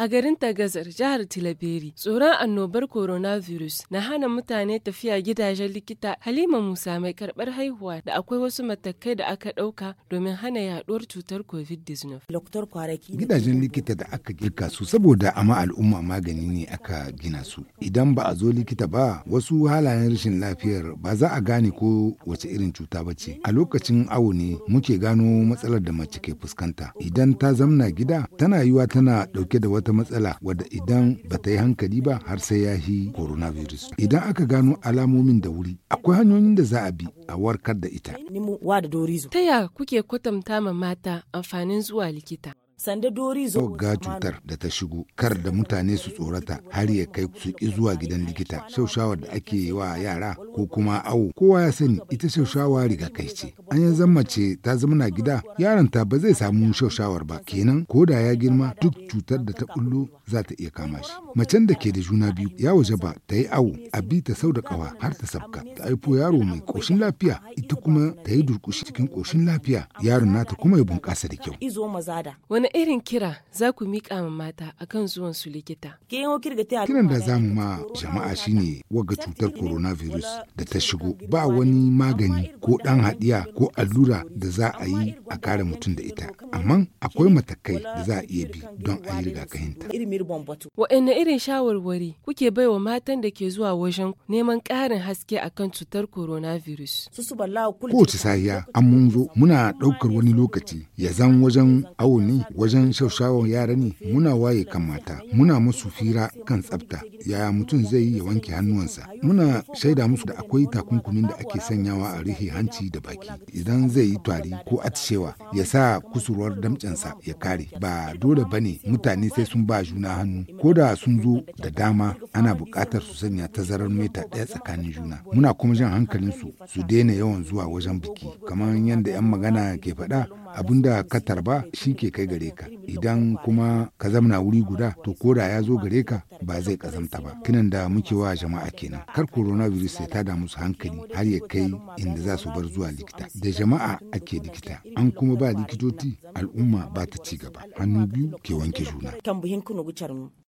A garin Tagazar, jihar Tilaberi, tsoron annobar coronavirus na hana mutane tafiya gidajen likita Halima Musa mai karɓar haihuwa da akwai wasu matakai da aka ɗauka domin hana yaɗuwar cutar COVID-19. Gidajen likita da aka girka su saboda ama al'umma magani ne aka gina su. Idan ba a zo likita ba, wasu halayen rashin lafiyar ba za a gane ko wace irin cuta ba ce. A lokacin awo ne muke gano matsalar da mace ke fuskanta. Idan ta zamna gida, tana yiwa tana ɗauke da wata wata matsala wadda idan ba ta yi hankali ba har sai ya yi coronavirus. Idan aka gano alamomin da wuri, akwai hanyoyin da za a bi a warkar da ita. Ta ya kuke kwatanta ma mata amfanin zuwa likita? sanda dori zo ga cutar da ta shigo kar da mutane su tsorata har ya kai su ki zuwa gidan likita shaushawar da ake yi wa yara ko kuma awo kowa ya sani ita shaushawa kai ce an yi mace ta zamana gida yaron ta ba zai samu shaushawar ba kenan ko da ya girma duk cutar da ta bullo za ta iya kama shi macen da ke da juna biyu ya waje ba ta yi awo a bi ta sau da kawa har ta sabka ta aiko yaro mai koshin lafiya ita kuma ta yi durkushi cikin koshin lafiya yaron nata kuma ya bunkasa da kyau wani irin kira za ku miƙa ma mata akan zuwan su likita? Kiran da za mu ma jama'a shi ne waga cutar coronavirus da ta shigo ba wani magani ko ɗan haɗiya ko allura da za a yi a kare mutum da ita. Amma akwai matakai da za a iya bi don a yi rigakafinta. Waɗanne irin shawarwari kuke bai wa matan da ke zuwa wajen neman ƙarin haske a kan cutar coronavirus? Kowace sahiya an mun zo muna ɗaukar wani lokaci ya zan wajen awo ne wajen shaushawar yara ne muna waye kan mata muna musu fira kan tsafta yaya mutum zai yi ya wanke hannuwansa muna shaida musu da akwai takunkumin da ake sanyawa a rihe hanci da baki idan zai yi tari ko atishewa ya sa kusurwar damcensa ya kare ba dole ba ne mutane sai sun ba juna hannu ko da sun zo da dama ana buƙatar su sanya tazarar mita ɗaya tsakanin juna muna kuma jan hankalinsu su daina yawan zuwa wajen biki kamar yadda 'yan magana ke faɗa abin da ka tarba shi ke kai gare ka idan kuma ka zamna wuri guda to koda ya zo gare ka ba zai kazamta ba kinan da muke wa jama'a kenan kar coronavirus ya tada musu hankali har ya kai inda za su bar zuwa likita da jama'a ake likita an kuma ba likitoci al'umma ba ta ci gaba hannu biyu ke wanke juna